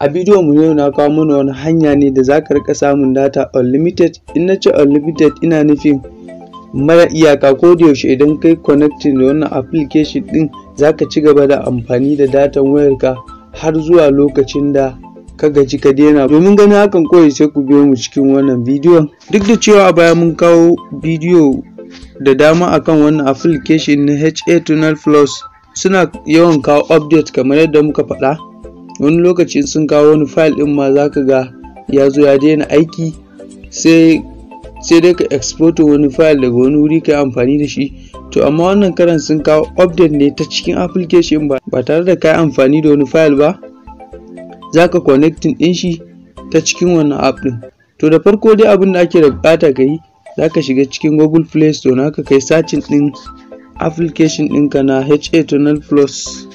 A bidiyon mu yau na kawo mana wani hanya ne da zaka rika samun data unlimited. In na ce unlimited ina nufin mara iyaka ko da yaushe idan kai connecting da wannan application din zaka ci gaba da amfani da datan wayarka har zuwa lokacin da ka gaji ka daina. Domin ganin hakan kawai sai ku biyo mu cikin wannan bidiyon. Duk da cewa a baya mun kawo bidiyo da dama akan wannan application na HA Tunnel Plus suna yawan kawo update kamar yadda muka faɗa. wani lokacin sun kawo wani fayil ɗin ma za ka ga ya zo ya daina aiki sai dai ka exporto wani fayil daga wani wuri ka yi amfani da shi to amma wannan karan sun kawo update ne ta cikin application ba ba tare da ka yi amfani da wani fayil ba za ka connecting din shi ta cikin wannan app din to da farko dai abin da ake da bukata ka yi za ka shiga cikin google play store ka kai searching din application ɗinka na ha tunnel plus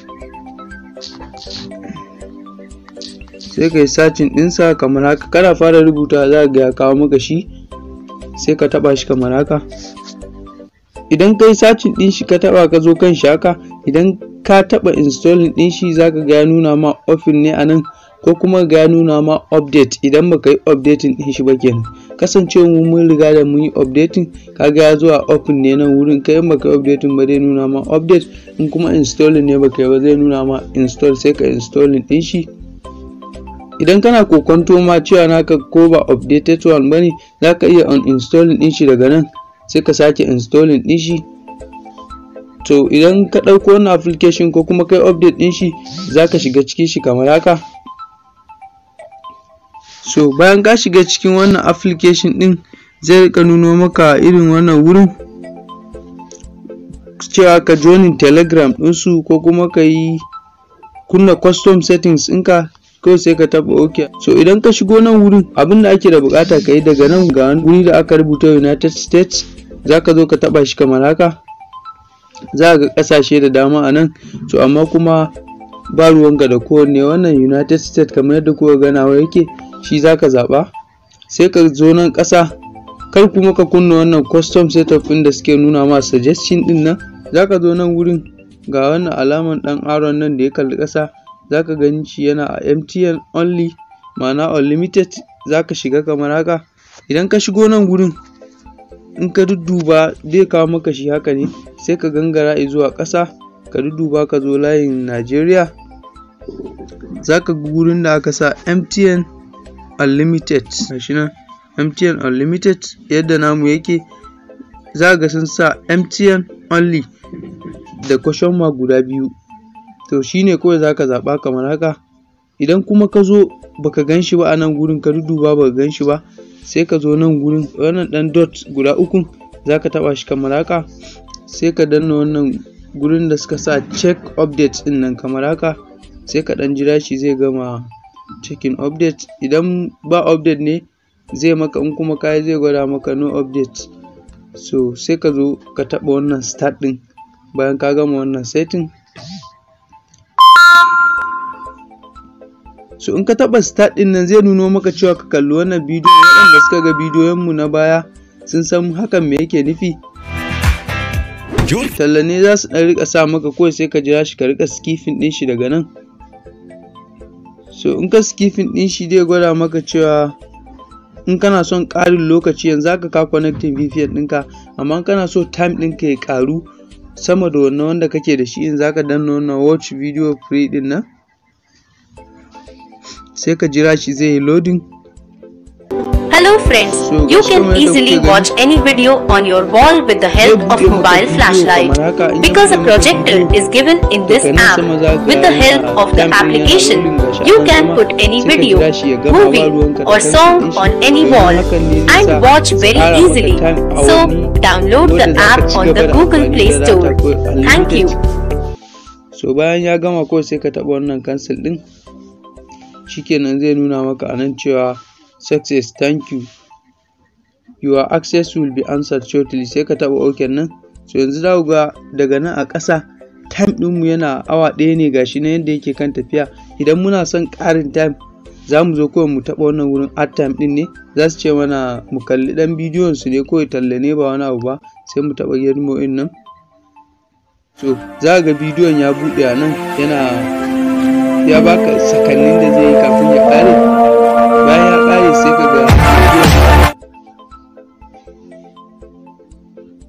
sai ka yi sacin ɗinsa kamar haka kana fara rubuta za ga ya kawo maka shi sai ka taba shi kamar haka idan ka yi sacin ɗin shi ka taba ka zo kan shi haka idan ka taba installin ɗin shi za ka ga ya nuna ma ofin ne a nan ko kuma ga ya nuna ma update idan baka yi updating ɗin shi ba kenan kasance mu mun riga da mun yi updating ka ya zuwa open ne nan wurin kai in baka yi updating ba zai nuna ma update in kuma installing ne baka yi ba zai nuna ma install sai ka installing ɗin shi idan kana kokonto ma cewa naka ko ba updated one bane zaka iya uninstalling din shi daga nan sai ka sake installing din shi to idan ka ɗauko wannan application ko kuma kai update din shi zaka shiga cikin shi kamar haka so bayan ka shiga cikin wannan application din zai rika nuno maka irin wannan wurin cewa ka joinin telegram din su ko kuma ka yi kunna custom settings ɗinka kawai sai ka taba ok so idan ka shigo nan wurin abin da ake da bukata ka yi daga nan ga wuri da aka rubuta united states za ka zo ka taba shi kamar haka za ga kasashe da dama a nan so amma kuma ba ruwan da kowanne wannan united states kamar yadda kowa ganawa yake shi za ka zaɓa sai ka zo nan ƙasa kar kuma ka kunna wannan custom setup da suke nuna ma suggestion din nan za ka zo nan wurin ga wannan alaman ɗan aron nan da ya kalli kasa zaka ka gan shi yana a MTN only ma'ana unlimited za ka shiga kamar haka idan ka shigo nan gurin in ka dudduba zai kawo maka shi haka ne sai ka gangara zuwa ƙasa ka dudduba ka zo layin Najeriya za ka gurin da aka sa MTN unlimited nan MTN unlimited yadda namu yake za ga sun sa MTN only da question mark guda biyu to shi ne kawai za ka zaɓa kamar haka idan kuma ka zo baka gan shi ba a nan gurin ka duduba baka gan shi ba sai ka zo nan gurin wannan ɗan dot guda uku za ka taɓa shi kamar haka sai ka danna wannan gurin da suka sa check update ɗin nan kamar haka sai ka ɗan jira shi zai gama checking update idan ba update ne zai maka in kuma kayi zai gwada maka no update so sai ka zo ka taɓa wannan start ɗin bayan ka gama wannan setting so in ka taɓa start ɗin nan zai nuno maka cewa ka kalli wannan bidiyo waɗanda suka ga mu na baya sun san hakan me yake nufi talla ne za su ɗan rika sa maka ko sai ka jira shi ka rika skifin ɗin shi daga nan so in ka skifin ɗin shi zai gwada maka cewa in kana son ƙarin lokaci yanzu zaka ka connecting VPN ɗinka amma kana so time ɗinka ya karu sama da wannan wanda kake da shi in zaka danna wannan watch video free din nan jira shi zai loading Hello friends, so, you can easily watch any video on your wall with the help of mobile flashlight because a projector is given in this app. With the help of the application, you can put any video, movie or song on any wall and watch very easily. So, download the app on the Google Play Store. Thank you. So bayan ya gama ko sai ka wannan cancel ɗin shikenan zai nuna maka a nan cewa success thank you your access will be answered shortly sai ka taba oken nan so yanzu za ga daga nan a ƙasa time ɗinmu yana awa ɗaya ne gashi na yadda yake kan tafiya idan muna son ƙarin time za mu zo kawai mu taɓa wannan wurin art time ɗin ne za su ce mana mu kalli ɗan bidiyon su ne kawai talla ne ba wani abu ba sai mu taɓa girmo ɗin nan so za ga bidiyon ya buɗe a nan yana ya baka sakannin da zai yi kafin ya ƙare bayan ya ƙare sai ka ga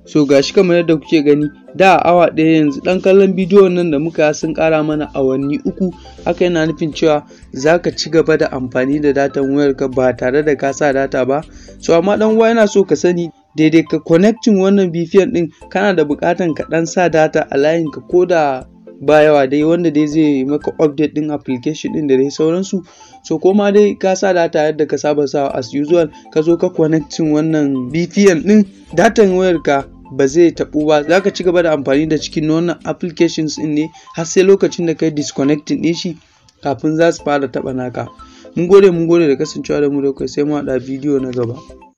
so gashi kamar yadda kuke gani da awa ɗaya yanzu ɗan kallon bidiyon nan da muka sun ƙara mana awanni uku haka yana nufin cewa za ka ci gaba da amfani da datan wayarka ba tare da ka sa data ba so amma ɗan uwa yana so ka sani daidai ka connecting wannan bidiyon ɗin kana da buƙatan ka ɗan sa data a layin ka ko da ba yawa dai wanda dai zai maka update din application din da dai sauransu so koma dai ka sa data yadda ka saba sa as usual ka zo ka connecting wannan btn din datan wayar ka ba zai tabu ba za ka ci gaba da amfani da cikin wannan applications din ne har sai lokacin da kai disconnecting din shi kafin za su fara taɓa naka mun gode mun gode da kasancewa da mu da kai sai mu hada bidiyo na gaba